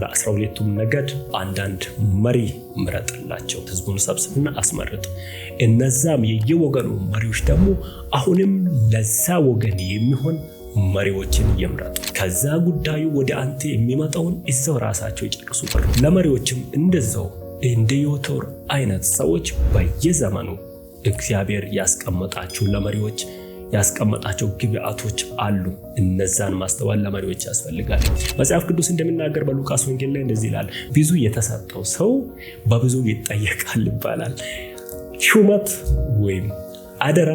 ለአስራ ሁለቱም ነገድ አንዳንድ መሪ ምረጥላቸው፣ ህዝቡን ሰብስብና አስመርጥ። እነዛም የየወገኑ መሪዎች ደግሞ አሁንም ለዛ ወገን የሚሆን መሪዎችን ይምረጡ። ከዛ ጉዳዩ ወደ አንተ የሚመጣውን እዛው ራሳቸው ይጨርሱ። ለመሪዎችም እንደዛው እንደ ዮቶር አይነት ሰዎች በየዘመኑ እግዚአብሔር ያስቀመጣችሁ ለመሪዎች ያስቀመጣቸው ግብአቶች አሉ። እነዛን ማስተዋል ለመሪዎች ያስፈልጋል። መጽሐፍ ቅዱስ እንደሚናገር በሉቃስ ወንጌል ላይ እንደዚህ ይላል፣ ብዙ የተሰጠው ሰው በብዙ ይጠየቃል ይባላል። ሹመት ወይም አደራ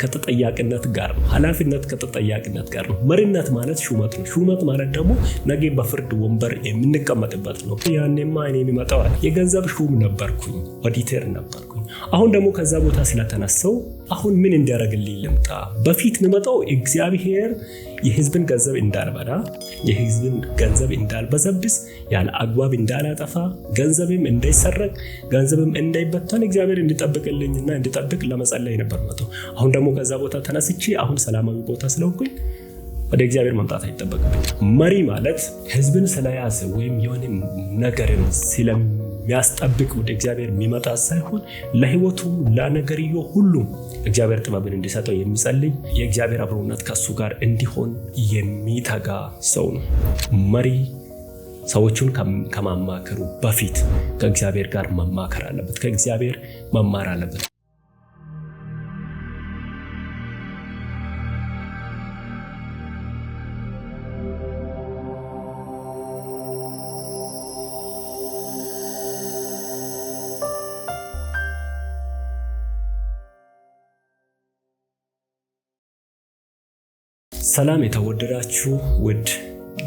ከተጠያቂነት ጋር ነው። ኃላፊነት ከተጠያቂነት ጋር ነው። መሪነት ማለት ሹመት ነው። ሹመት ማለት ደግሞ ነገ በፍርድ ወንበር የምንቀመጥበት ነው። ያኔማ እኔ የሚመጣዋል የገንዘብ ሹም ነበርኩኝ፣ ኦዲተር ነበርኩኝ አሁን ደግሞ ከዛ ቦታ ስለተነሰው አሁን ምን እንዲያደረግልኝ ልምጣ? በፊት ንመጠው እግዚአብሔር የህዝብን ገንዘብ እንዳልበላ፣ የህዝብን ገንዘብ እንዳልበዘብስ፣ ያለ አግባብ እንዳላጠፋ፣ ገንዘብም እንዳይሰረቅ፣ ገንዘብም እንዳይበተን እግዚአብሔር እንዲጠብቅልኝና እንዲጠብቅ ለመጸለይ ነበር መጠው አሁን ደግሞ ከዛ ቦታ ተነስቼ አሁን ሰላማዊ ቦታ ስለሆንኩኝ ወደ እግዚአብሔር መምጣት አይጠበቅብኝ። መሪ ማለት ህዝብን ስለያዘ ወይም የሆነ ነገርን የሚያስጠብቅ ወደ እግዚአብሔር የሚመጣ ሳይሆን ለህይወቱ ለነገርዮ ሁሉም እግዚአብሔር ጥበብን እንዲሰጠው የሚጸልይ የእግዚአብሔር አብሮነት ከሱ ጋር እንዲሆን የሚተጋ ሰው ነው። መሪ ሰዎቹን ከማማከሩ በፊት ከእግዚአብሔር ጋር መማከር አለበት። ከእግዚአብሔር መማር አለበት። ሰላም የተወደዳችሁ ውድ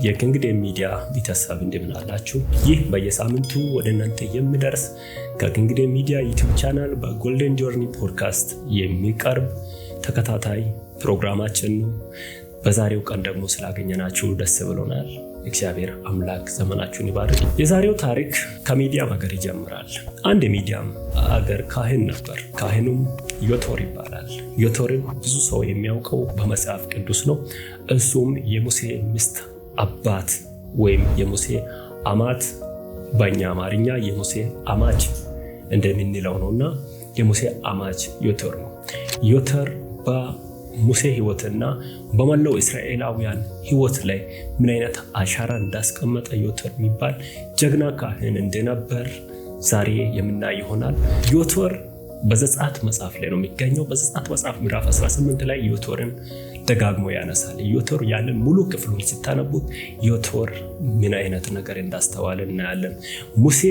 የክንግዴ ሚዲያ ቤተሰብ እንደምን አላችሁ? ይህ በየሳምንቱ ወደ እናንተ የሚደርስ ከክንግዴ ሚዲያ ዩቲዩብ ቻናል በጎልደን ጆርኒ ፖድካስት የሚቀርብ ተከታታይ ፕሮግራማችን ነው። በዛሬው ቀን ደግሞ ስላገኘናችሁ ደስ ብሎናል። እግዚአብሔር አምላክ ዘመናችሁን ይባርክ። የዛሬው ታሪክ ከሚዲያም ሀገር ይጀምራል። አንድ የሚዲያም አገር ካህን ነበር። ካህኑም ዮቶር ይባላል። ዮቶርን ብዙ ሰው የሚያውቀው በመጽሐፍ ቅዱስ ነው። እሱም የሙሴ ሚስት አባት ወይም የሙሴ አማት፣ በእኛ አማርኛ የሙሴ አማች እንደምንለው ነው እና የሙሴ አማች ዮቶር ነው። ዮቶር ሙሴ ህይወትና በመላው እስራኤላውያን ህይወት ላይ ምን አይነት አሻራ እንዳስቀመጠ ዮቶር የሚባል ጀግና ካህን እንደነበር ዛሬ የምናይ ይሆናል። ዮቶር በዘጸአት መጽሐፍ ላይ ነው የሚገኘው። በዘጸአት መጽሐፍ ምዕራፍ 18 ላይ ዮቶርን ደጋግሞ ያነሳል። ዮቶር ያንን ሙሉ ክፍሉን ስታነቡት ዮቶር ምን አይነት ነገር እንዳስተዋለ እናያለን። ሙሴ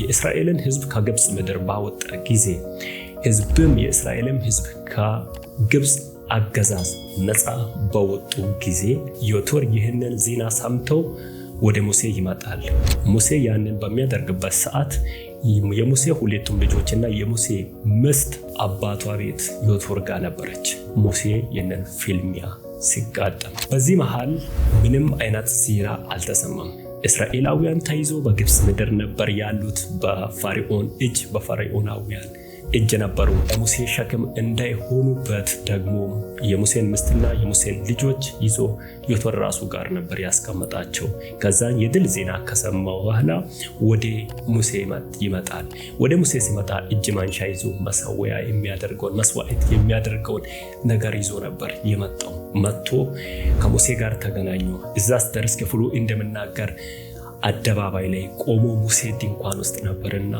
የእስራኤልን ህዝብ ከግብፅ ምድር ባወጣ ጊዜ ህዝብም የእስራኤልም ህዝብ ከግብፅ አገዛዝ ነፃ በወጡ ጊዜ ዮቶር ይህንን ዜና ሰምተው ወደ ሙሴ ይመጣል። ሙሴ ያንን በሚያደርግበት ሰዓት የሙሴ ሁለቱም ልጆችና የሙሴ ምስት አባቷ ቤት ዮቶር ጋር ነበረች። ሙሴ ይህንን ፊልሚያ ሲጋጠም በዚህ መሃል ምንም አይነት ዜና አልተሰማም። እስራኤላውያን ተይዞ በግብፅ ምድር ነበር ያሉት በፈርዖን እጅ በፈርዖናውያን እጅ ነበሩ። ለሙሴ ሸክም እንዳይሆኑበት ደግሞ የሙሴን ምስትና የሙሴን ልጆች ይዞ ዮቶር ራሱ ጋር ነበር ያስቀመጣቸው። ከዛ የድል ዜና ከሰማ በኋላ ወደ ሙሴ ይመጣል። ወደ ሙሴ ሲመጣ እጅ ማንሻ ይዞ መሰወያ የሚያደርገውን መስዋዕት የሚያደርገውን ነገር ይዞ ነበር የመጣው። መጥቶ ከሙሴ ጋር ተገናኙ። እዛስ ደርስ ክፍሉ እንደምናገር አደባባይ ላይ ቆሞ ሙሴ ድንኳን ውስጥ ነበርና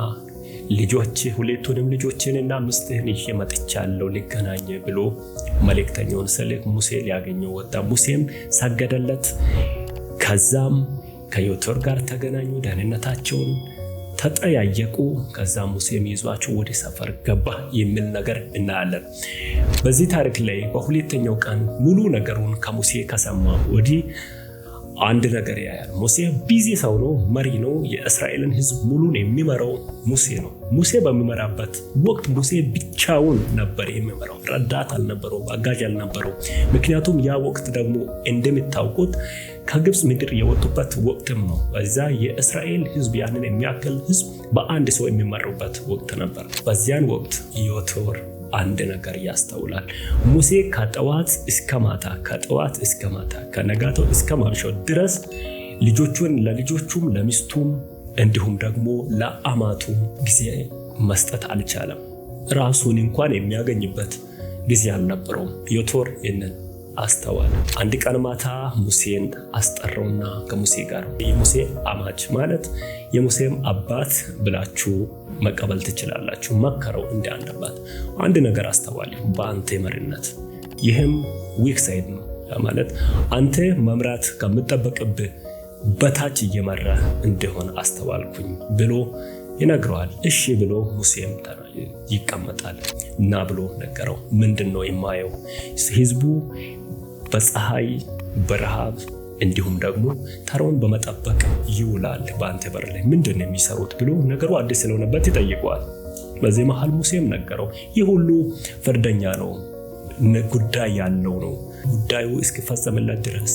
ልጆች ሁለቱንም ልጆችንና ሚስትህን ይዤ መጥቻለሁ ሊገናኝ ብሎ መልእክተኛውን ስልክ ሙሴ ሊያገኘው ወጣ። ሙሴም ሰገደለት። ከዛም ከዮቶር ጋር ተገናኙ። ደህንነታቸውን ተጠያየቁ። ከዛ ሙሴም ይዟቸው ወደ ሰፈር ገባ የሚል ነገር እናያለን። በዚህ ታሪክ ላይ በሁለተኛው ቀን ሙሉ ነገሩን ከሙሴ ከሰማ ወዲህ አንድ ነገር ያያል። ሙሴ ቢዚ ሰው ነው፣ መሪ ነው። የእስራኤልን ህዝብ ሙሉን የሚመራው ሙሴ ነው። ሙሴ በሚመራበት ወቅት ሙሴ ብቻውን ነበር የሚመራው። ረዳት አልነበረው፣ አጋዥ አልነበረው። ምክንያቱም ያ ወቅት ደግሞ እንደሚታውቁት ከግብፅ ምድር የወጡበት ወቅትም ነው። በዛ የእስራኤል ህዝብ ያንን የሚያክል ህዝብ በአንድ ሰው የሚመሩበት ወቅት ነበር። በዚያን ወቅት ዮቶር አንድ ነገር ያስተውላል። ሙሴ ከጠዋት እስከ ማታ ከጠዋት እስከ ማታ ከነጋተው እስከ ማምሻው ድረስ ልጆቹን ለልጆቹም ለሚስቱም እንዲሁም ደግሞ ለአማቱ ጊዜ መስጠት አልቻለም። ራሱን እንኳን የሚያገኝበት ጊዜ አልነበረውም። የቶር ይንን አስተዋለ። አንድ ቀን ማታ ሙሴን አስጠራውና ከሙሴ ጋር የሙሴ አማች ማለት የሙሴም አባት ብላችሁ መቀበል ትችላላችሁ። መከረው እንደ አንድ አባት። አንድ ነገር አስተዋለ በአንተ መሪነት፣ ይህም ዊክ ሳይድ ነው ማለት አንተ መምራት ከምጠበቅብህ በታች እየመራ እንደሆነ አስተዋልኩኝ ብሎ ይነግረዋል። እሺ ብሎ ሙሴም ይቀመጣል እና ብሎ ነገረው። ምንድን ነው የማየው? ህዝቡ በፀሐይ በረሃብ እንዲሁም ደግሞ ተራውን በመጠበቅ ይውላል። በአንተ በር ላይ ምንድን ነው የሚሰሩት ብሎ ነገሩ አዲስ ስለሆነበት ይጠይቀዋል። በዚህ መሃል ሙሴም ነገረው። ይህ ሁሉ ፍርደኛ ነው፣ ጉዳይ ያለው ነው። ጉዳዩ እስኪፈጸምለት ድረስ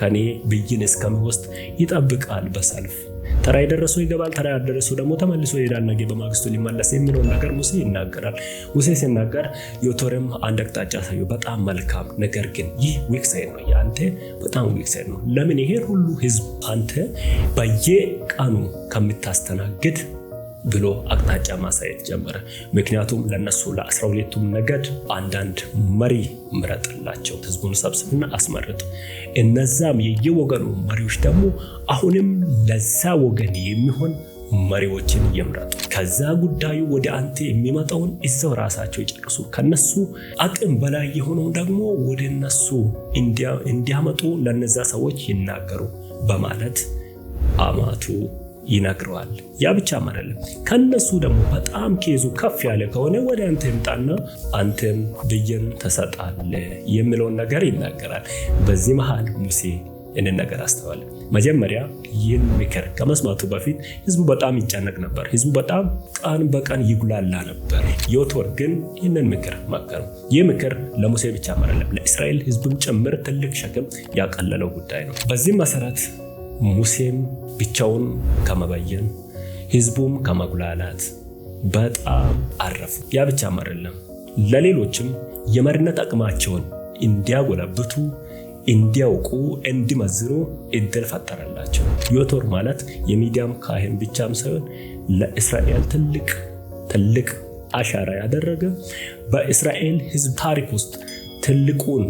ከኔ ብይን እስከምወስድ ይጠብቃል በሰልፍ ተራ የደረሰው ይገባል፣ ተራ ያልደረሰው ደግሞ ተመልሶ ይሄዳል። ነገ በማግስቱ ሊመለስ የሚለውን ነገር ሙሴ ይናገራል። ሙሴ ሲናገር ዮቶርም አንድ አቅጣጫ ሳዩ፣ በጣም መልካም ነገር ግን ይህ ዊክ ሳይድ ነው፣ የአንተ በጣም ዊክ ሳይድ ነው። ለምን ይሄን ሁሉ ህዝብ አንተ በየቀኑ ከምታስተናግድ ብሎ አቅጣጫ ማሳየት ጀመረ። ምክንያቱም ለነሱ ለአስራ ሁለቱም ነገድ አንዳንድ መሪ ምረጥላቸው፣ ህዝቡን ሰብስብና አስመርጥ። እነዛም የየወገኑ መሪዎች ደግሞ አሁንም ለዛ ወገን የሚሆን መሪዎችን ይምረጡ። ከዛ ጉዳዩ ወደ አንተ የሚመጣውን እዛው ራሳቸው ይጨርሱ። ከነሱ አቅም በላይ የሆነው ደግሞ ወደ እነሱ እንዲያመጡ ለነዛ ሰዎች ይናገሩ በማለት አማቱ ይነግረዋል። ያ ብቻም አይደለም። ከነሱ ደግሞ በጣም ኬዙ ከፍ ያለ ከሆነ ወደ አንተ ይምጣና አንተም ብይን ተሰጣለ የሚለውን ነገር ይናገራል። በዚህ መሃል ሙሴ እንን ነገር አስተዋለ። መጀመሪያ ይህን ምክር ከመስማቱ በፊት ህዝቡ በጣም ይጨነቅ ነበር። ህዝቡ በጣም ቀን በቀን ይጉላላ ነበር። ዮቶር ግን ይህንን ምክር መከሩ። ይህ ምክር ለሙሴ ብቻ አይደለም፣ ለእስራኤል ህዝብም ጭምር ትልቅ ሸክም ያቀለለው ጉዳይ ነው። በዚህም መሰረት ሙሴም ብቻውን ከመበየን ህዝቡም ከመጉላላት በጣም አረፉ። ያ ብቻም አይደለም፣ ለሌሎችም የመሪነት አቅማቸውን እንዲያጎለብቱ፣ እንዲያውቁ፣ እንዲመዝኑ እድል ፈጠረላቸው። ዮቶር ማለት የሚዲያም ካህን ብቻም ሳይሆን ለእስራኤል ትልቅ ትልቅ አሻራ ያደረገ በእስራኤል ህዝብ ታሪክ ውስጥ ትልቁን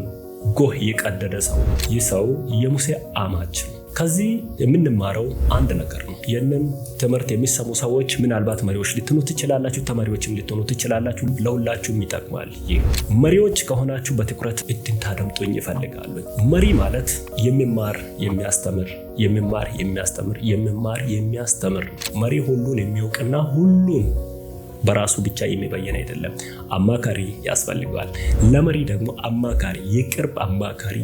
ጎህ የቀደደ ሰው። ይህ ሰው የሙሴ አማች ነው። ከዚህ የምንማረው አንድ ነገር ነው። ይህንን ትምህርት የሚሰሙ ሰዎች ምናልባት መሪዎች ሊትኑ ትችላላችሁ፣ ተማሪዎችም ሊትኑ ትችላላችሁ። ለሁላችሁም ይጠቅማል። ይህ መሪዎች ከሆናችሁ በትኩረት እንድታደምጡኝ ይፈልጋሉ። መሪ ማለት የሚማር የሚያስተምር የሚማር የሚያስተምር የሚማር የሚያስተምር መሪ ሁሉን የሚያውቅና ሁሉን በራሱ ብቻ የሚበየን አይደለም። አማካሪ ያስፈልገዋል። ለመሪ ደግሞ አማካሪ፣ የቅርብ አማካሪ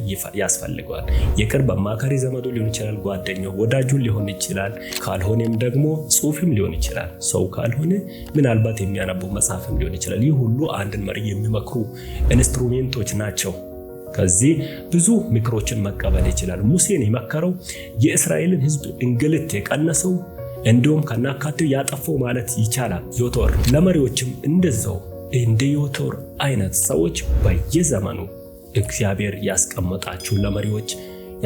ያስፈልገዋል። የቅርብ አማካሪ ዘመዱ ሊሆን ይችላል፣ ጓደኛው ወዳጁን ሊሆን ይችላል። ካልሆነም ደግሞ ጽሁፍም ሊሆን ይችላል። ሰው ካልሆነ ምናልባት የሚያነቡ መጽሐፍም ሊሆን ይችላል። ይህ ሁሉ አንድን መሪ የሚመክሩ ኢንስትሩሜንቶች ናቸው። ከዚህ ብዙ ምክሮችን መቀበል ይችላል። ሙሴን የመከረው የእስራኤልን ሕዝብ እንግልት የቀነሰው እንዲሁም ከናካቴው ያጠፈው ማለት ይቻላል። ዮቶር ለመሪዎችም እንደዛው እንደ ዮቶር አይነት ሰዎች በየዘመኑ እግዚአብሔር ያስቀመጣቸው ለመሪዎች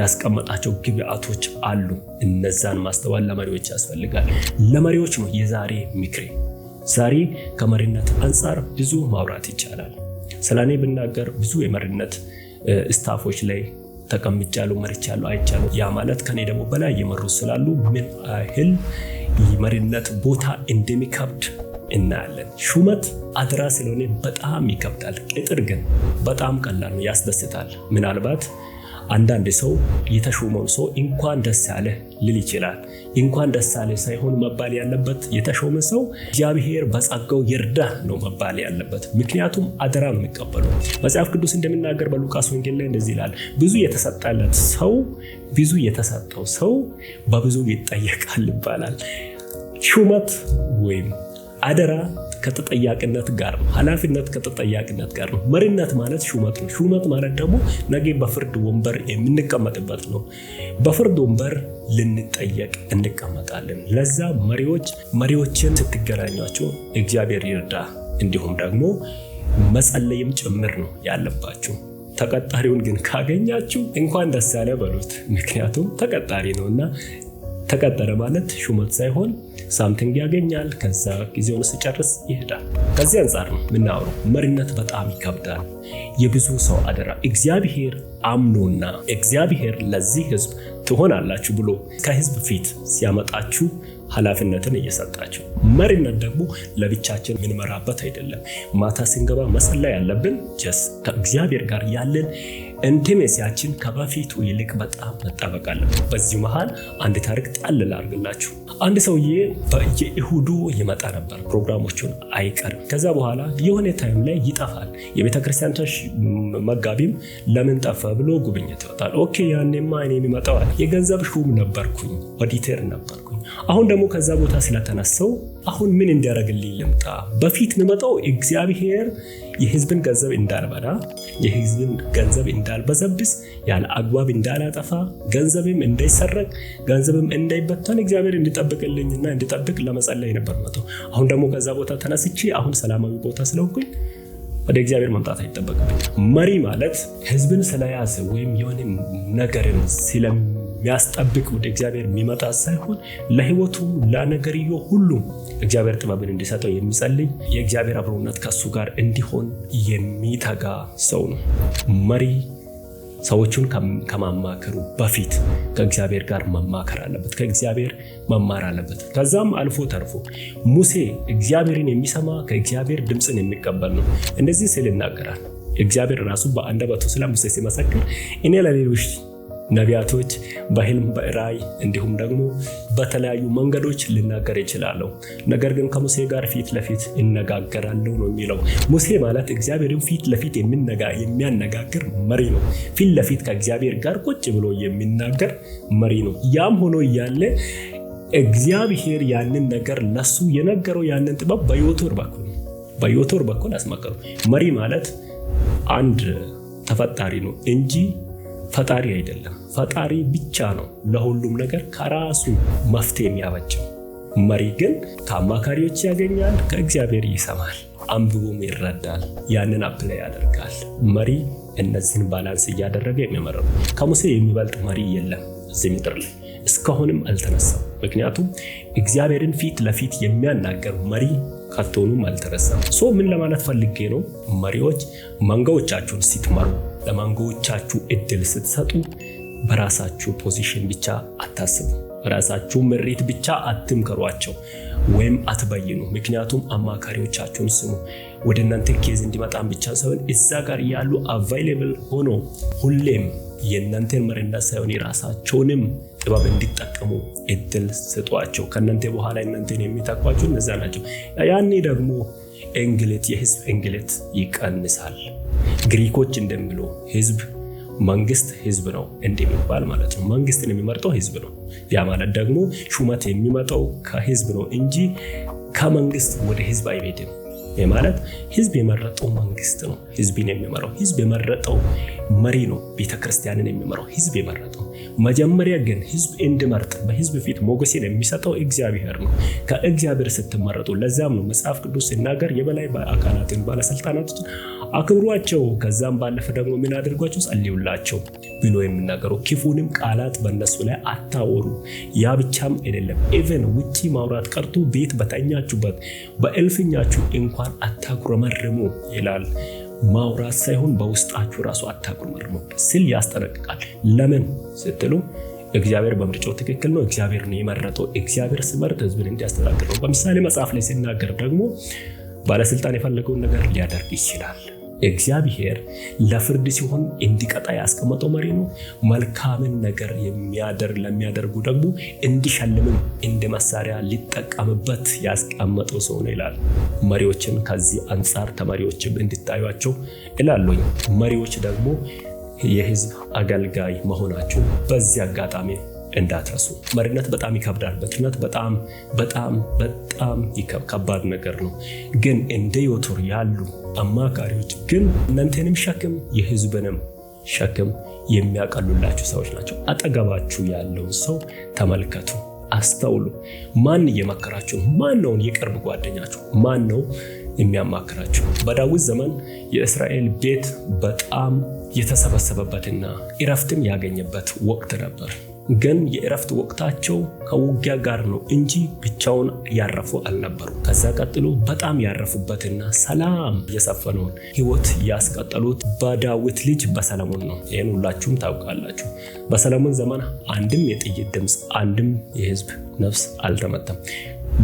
ያስቀመጣቸው ግብአቶች አሉ። እነዛን ማስተዋል ለመሪዎች ያስፈልጋል። ለመሪዎች ነው የዛሬ ምክሬ። ዛሬ ከመሪነት አንጻር ብዙ ማውራት ይቻላል። ስለ እኔ ብናገር ብዙ የመሪነት ስታፎች ላይ ተቀምጫሉ፣ መርቻሉ፣ አይቻሉ። ያ ማለት ከኔ ደግሞ በላይ እየመሩ ስላሉ ምን ያህል የመሪነት ቦታ እንደሚከብድ እናያለን። ሹመት አድራ ስለሆነ በጣም ይከብዳል። ቅጥር ግን በጣም ቀላል ነው፣ ያስደስታል። ምናልባት አንዳንድ ሰው የተሾመው ሰው እንኳን ደስ ያለ ልል ይችላል። እንኳን ደስ ያለ ሳይሆን መባል ያለበት የተሾመ ሰው እግዚአብሔር በጸጋው ይርዳ ነው መባል ያለበት። ምክንያቱም አደራ ነው የሚቀበሉ። መጽሐፍ ቅዱስ እንደሚናገር በሉቃስ ወንጌል ላይ እንደዚህ ይላል፣ ብዙ የተሰጠለት ሰው ብዙ የተሰጠው ሰው በብዙ ይጠየቃል ይባላል። ሹመት ወይም አደራ ከተጠያቂነት ጋር ነው። ኃላፊነት ከተጠያቂነት ጋር ነው። መሪነት ማለት ሹመት ነው። ሹመት ማለት ደግሞ ነገ በፍርድ ወንበር የምንቀመጥበት ነው። በፍርድ ወንበር ልንጠየቅ እንቀመጣለን። ለዛ መሪዎች መሪዎችን ስትገናኟቸው እግዚአብሔር ይርዳ እንዲሁም ደግሞ መጸለይም ጭምር ነው ያለባችሁ። ተቀጣሪውን ግን ካገኛችሁ እንኳን ደስ ያለ በሉት፣ ምክንያቱም ተቀጣሪ እና ተቀጠረ ማለት ሹመት ሳይሆን ሳምቲንግ ያገኛል። ከዛ ጊዜውን ሲጨርስ ይሄዳል። ከዚህ አንጻር ነው የምናወራው። መሪነት በጣም ይከብዳል። የብዙ ሰው አደራ እግዚአብሔር አምኖና እግዚአብሔር ለዚህ ህዝብ ትሆናላችሁ ብሎ ከህዝብ ፊት ሲያመጣችሁ ኃላፊነትን እየሰጣቸው መሪነት ደግሞ ለብቻችን የምንመራበት አይደለም። ማታ ስንገባ መጸለይ ያለብን ጀስ ከእግዚአብሔር ጋር ያለን እንቴሜሲያችን ከበፊቱ ይልቅ በጣም መጠበቅ አለብን። በዚህ መሃል አንድ ታሪክ ጣል ላርግላችሁ። አንድ ሰውዬ በየእሁዱ ይመጣ ነበር፣ ፕሮግራሞቹን አይቀርም። ከዛ በኋላ የሆነ ታይም ላይ ይጠፋል። የቤተክርስቲያን መጋቢም ለምን ጠፈ ብሎ ጉብኝት ይወጣል። ኦኬ ያኔማ እኔ የሚመጣዋል የገንዘብ ሹም ነበርኩኝ፣ ኦዲተር ነበርኩ አሁን ደግሞ ከዛ ቦታ ስለተነሰው አሁን ምን እንዲያደረግልኝ ልምጣ? በፊት ምመጣው እግዚአብሔር የህዝብን ገንዘብ እንዳልበላ፣ የህዝብን ገንዘብ እንዳልበዘብስ፣ ያለ አግባብ እንዳላጠፋ፣ ገንዘብም እንዳይሰረቅ፣ ገንዘብም እንዳይበተን እግዚአብሔር እንዲጠብቅልኝና እንዲጠብቅ ለመጸለይ ነበር መጣው። አሁን ደግሞ ከዛ ቦታ ተነስቼ አሁን ሰላማዊ ቦታ ስለሆንኩኝ ወደ እግዚአብሔር መምጣት አይጠበቅብኝ። መሪ ማለት ህዝብን ስለያዘ ወይም የሆነ ነገርን ስለሚ የሚያስጠብቅ ወደ እግዚአብሔር የሚመጣ ሳይሆን ለህይወቱ ለነገርዮ ሁሉም እግዚአብሔር ጥበብን እንዲሰጠው የሚጸልይ የእግዚአብሔር አብሮነት ከሱ ጋር እንዲሆን የሚተጋ ሰው ነው። መሪ ሰዎቹን ከማማከሩ በፊት ከእግዚአብሔር ጋር መማከር አለበት፣ ከእግዚአብሔር መማር አለበት። ከዛም አልፎ ተርፎ ሙሴ እግዚአብሔርን የሚሰማ ከእግዚአብሔር ድምፅን የሚቀበል ነው። እንደዚህ ስል ይናገራል። እግዚአብሔር ራሱ በአንደበቱ ስለ ሙሴ ሲመሰክር እኔ ለሌሎች ነቢያቶች በህልም በራይ እንዲሁም ደግሞ በተለያዩ መንገዶች ልናገር ይችላለሁ። ነገር ግን ከሙሴ ጋር ፊት ለፊት እነጋገራለሁ ነው የሚለው። ሙሴ ማለት እግዚአብሔርን ፊት ለፊት የሚያነጋግር መሪ ነው። ፊት ለፊት ከእግዚአብሔር ጋር ቁጭ ብሎ የሚናገር መሪ ነው። ያም ሆኖ እያለ እግዚአብሔር ያንን ነገር ለሱ የነገረው ያንን ጥበብ በዮቶር በኩል በዮቶር በኩል አስመከሩ። መሪ ማለት አንድ ተፈጣሪ ነው እንጂ ፈጣሪ አይደለም። ፈጣሪ ብቻ ነው ለሁሉም ነገር ከራሱ መፍትሄ የሚያበጀው። መሪ ግን ከአማካሪዎች ያገኛል፣ ከእግዚአብሔር ይሰማል፣ አንብቦም ይረዳል፣ ያንን አፕላይ ያደርጋል። መሪ እነዚህን ባላንስ እያደረገ የሚመረው ከሙሴ የሚበልጥ መሪ የለም እዚህ ምድር ላይ እስካሁንም አልተነሳም። ምክንያቱም እግዚአብሔርን ፊት ለፊት የሚያናገር መሪ ካልተሆኑም አልተረሳም። ሶ ምን ለማለት ፈልጌ ነው? መሪዎች መንጋዎቻችሁን ስትመሩ፣ ለመንጋዎቻችሁ እድል ስትሰጡ በራሳችሁ ፖዚሽን ብቻ አታስቡ። ራሳችሁ ምሪት ብቻ አትምከሯቸው ወይም አትበይኑ። ምክንያቱም አማካሪዎቻችሁን ስሙ። ወደ እናንተ ኬዝ እንዲመጣን ብቻ ሳይሆን እዛ ጋር ያሉ አቫይላብል ሆኖ ሁሌም የእናንተን መሪነት ሳይሆን የራሳቸውንም ጥበብ እንዲጠቀሙ እድል ስጧቸው። ከእናንተ በኋላ እናንተን የሚተኳቸው እነዛ ናቸው። ያኔ ደግሞ እንግልት፣ የህዝብ እንግልት ይቀንሳል። ግሪኮች እንደሚሉ ህዝብ መንግስት ህዝብ ነው እንደሚባል ማለት ነው። መንግስትን የሚመርጠው ህዝብ ነው። ያ ማለት ደግሞ ሹመት የሚመጣው ከህዝብ ነው እንጂ ከመንግስት ወደ ህዝብ አይሄድም። ማለት ህዝብ የመረጠው መንግስት ነው ህዝብን የሚመራው። ህዝብ የመረጠው መሪ ነው ቤተክርስቲያንን የሚመራው ህዝብ የመረጠው። መጀመሪያ ግን ህዝብ እንድመርጥ በህዝብ ፊት ሞገሴን የሚሰጠው እግዚአብሔር ነው። ከእግዚአብሔር ስትመረጡ፣ ለዛም ነው መጽሐፍ ቅዱስ ሲናገር የበላይ አካላትን ባለስልጣናቶችን አክብሯቸው። ከዛም ባለፈ ደግሞ ምን አድርጓቸው? ጸልዩላቸው ብሎ የሚናገረው ክፉንም ቃላት በእነሱ ላይ አታወሩ። ያ ብቻም አይደለም፣ ኢቨን ውጪ ማውራት ቀርቶ ቤት በተኛችሁበት በእልፍኛችሁ እንኳን አታጉረመርሙ ይላል። ማውራት ሳይሆን በውስጣችሁ ራሱ አታጉረመርሙ ስል ያስጠነቅቃል። ለምን ስትሉ እግዚአብሔር በምርጫው ትክክል ነው። እግዚአብሔር ነው የመረጠው። እግዚአብሔር ሲመርጥ ህዝብን እንዲያስተዳድር ነው። በምሳሌ መጽሐፍ ላይ ሲናገር ደግሞ ባለስልጣን የፈለገውን ነገር ሊያደርግ ይችላል። እግዚአብሔር ለፍርድ ሲሆን እንዲቀጣ ያስቀመጠው መሪ ነው። መልካምን ነገር የሚያደር ለሚያደርጉ ደግሞ እንዲሸልምን እንደ መሳሪያ ሊጠቀምበት ያስቀመጠው ሰው ነው ይላል። መሪዎችን ከዚህ አንጻር ተማሪዎችም እንድታዩቸው እላለኝ። መሪዎች ደግሞ የህዝብ አገልጋይ መሆናቸው በዚህ አጋጣሚ እንዳትረሱ። መሪነት በጣም ይከብዳል። በትነት በጣም በጣም በጣም ከባድ ነገር ነው። ግን እንደ ዮቶር ያሉ አማካሪዎች ግን እናንተንም ሸክም የህዝብንም ሸክም የሚያቀሉላችሁ ሰዎች ናቸው። አጠገባችሁ ያለውን ሰው ተመልከቱ፣ አስተውሉ። ማን እየመከራችሁ? ማን ነውን የቅርብ ጓደኛችሁ? ማን ነው የሚያማክራቸው በዳዊት ዘመን የእስራኤል ቤት በጣም የተሰበሰበበትና እረፍትም ያገኘበት ወቅት ነበር። ግን የእረፍት ወቅታቸው ከውጊያ ጋር ነው እንጂ ብቻውን ያረፉ አልነበሩ። ከዛ ቀጥሎ በጣም ያረፉበትና ሰላም የሰፈነውን ህይወት ያስቀጠሉት በዳዊት ልጅ በሰለሞን ነው። ይህን ሁላችሁም ታውቃላችሁ። በሰለሞን ዘመን አንድም የጥይት ድምፅ፣ አንድም የህዝብ ነፍስ አልተመተም።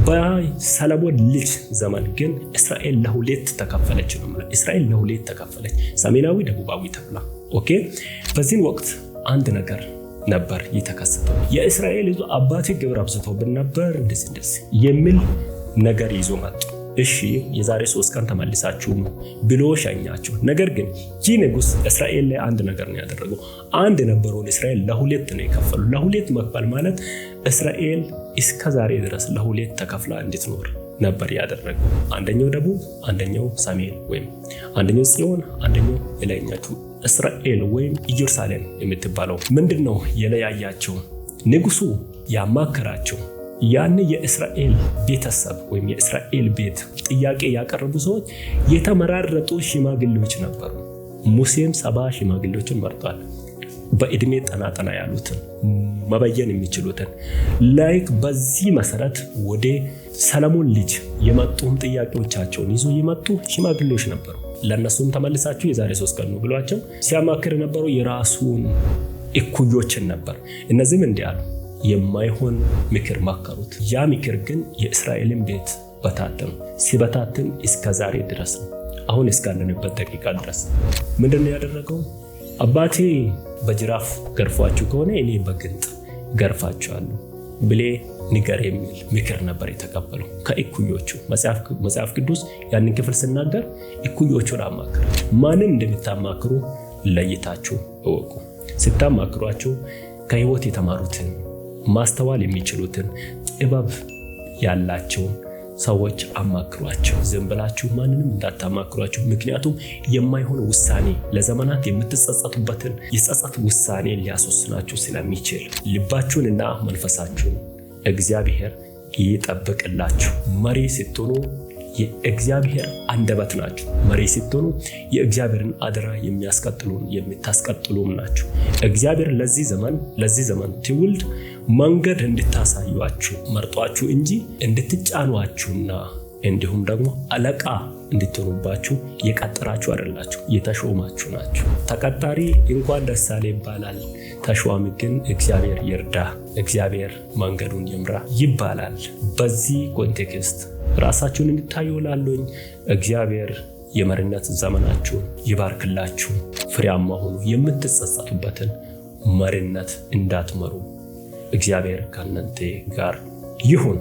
በሰለሞን ልጅ ዘመን ግን እስራኤል ለሁሌት ተከፈለች ነው። እስራኤል ለሁሌት ተከፈለች፣ ሰሜናዊ ደቡባዊ ተብላ ኦኬ። በዚህን ወቅት አንድ ነገር ነበር የተከሰተው። የእስራኤል ይዞ አባቴ ግብር አብዝተውብን ነበር እንደዚህ እንደዚህ የሚል ነገር ይዞ መጡ። እሺ የዛሬ ሶስት ቀን ተመልሳችሁ ብሎ ሸኛቸው። ነገር ግን ይህ ንጉስ እስራኤል ላይ አንድ ነገር ነው ያደረገው። አንድ የነበረውን እስራኤል ለሁለት ነው የከፈሉ። ለሁለት መክፈል ማለት እስራኤል እስከ ዛሬ ድረስ ለሁለት ተከፍላ እንድትኖር ነበር ያደረገው። አንደኛው ደቡብ፣ አንደኛው ሰሜን ወይም አንደኛው ጽዮን፣ አንደኛው የላይኛችሁ እስራኤል ወይም ኢየሩሳሌም የምትባለው ምንድን ነው የለያያቸው? ንጉሱ ያማከራቸው ያን የእስራኤል ቤተሰብ ወይም የእስራኤል ቤት ጥያቄ ያቀረቡ ሰዎች የተመራረጡ ሽማግሌዎች ነበሩ። ሙሴም ሰባ ሽማግሌዎችን መርጧል። በእድሜ ጠናጠና ያሉትን መበየን የሚችሉትን ላይክ በዚህ መሰረት ወደ ሰለሞን ልጅ የመጡም ጥያቄዎቻቸውን ይዞ የመጡ ሽማግሌዎች ነበሩ። ለእነሱም ተመልሳችሁ የዛሬ ሶስት ቀን ነው ብሏቸው ሲያማክር የነበረው የራሱን እኩዮችን ነበር። እነዚህም እንዲህ አሉ፣ የማይሆን ምክር መከሩት። ያ ምክር ግን የእስራኤልን ቤት በታተም ሲበታትን እስከ ዛሬ ድረስ ነው፣ አሁን እስካለንበት ደቂቃ ድረስ። ምንድን ነው ያደረገው? አባቴ በጅራፍ ገርፏችሁ ከሆነ እኔ በግንጥ ገርፋችኋለሁ ብሌ ንገር የሚል ምክር ነበር የተቀበለው ከእኩዮቹ። መጽሐፍ ቅዱስ ያንን ክፍል ስናገር እኩዮቹን አማክሩ። ማንን እንደምታማክሩ ለይታችሁ እወቁ። ስታማክሯቸው ከህይወት የተማሩትን ማስተዋል የሚችሉትን ጥበብ ያላቸውን ሰዎች አማክሯቸው። ዝም ብላችሁ ማንንም እንዳታማክሯቸው። ምክንያቱም የማይሆን ውሳኔ ለዘመናት የምትጸጸቱበትን የጸጸት ውሳኔ ሊያስወስናችሁ ስለሚችል ልባችሁንና መንፈሳችሁን እግዚአብሔር ይጠብቅላችሁ። መሪ ስትሆኑ የእግዚአብሔር አንደበት ናቸው። መሪ ስትሆኑ የእግዚአብሔርን አደራ የሚያስቀጥሉ የምታስቀጥሉም ናቸው እግዚአብሔር ለዚህ ዘመን ለዚህ ዘመን ትውልድ መንገድ እንድታሳዩችሁ መርጧችሁ እንጂ እንድትጫኗችሁና እንዲሁም ደግሞ አለቃ እንድትሆኑባችሁ የቀጠራችሁ አይደላችሁ፣ የተሾማችሁ ናችሁ። ተቀጣሪ እንኳን ደሳሌ ይባላል፣ ተሿሚ ግን እግዚአብሔር ይርዳ፣ እግዚአብሔር መንገዱን ይምራ ይባላል። በዚህ ኮንቴክስት ራሳችሁን እንድታዩ ላለኝ እግዚአብሔር የመሪነት ዘመናችሁን ይባርክላችሁ፣ ፍሬያማ ሆኑ። የምትጸጸቱበትን መሪነት እንዳትመሩ እግዚአብሔር ከእናንተ ጋር ይሁን።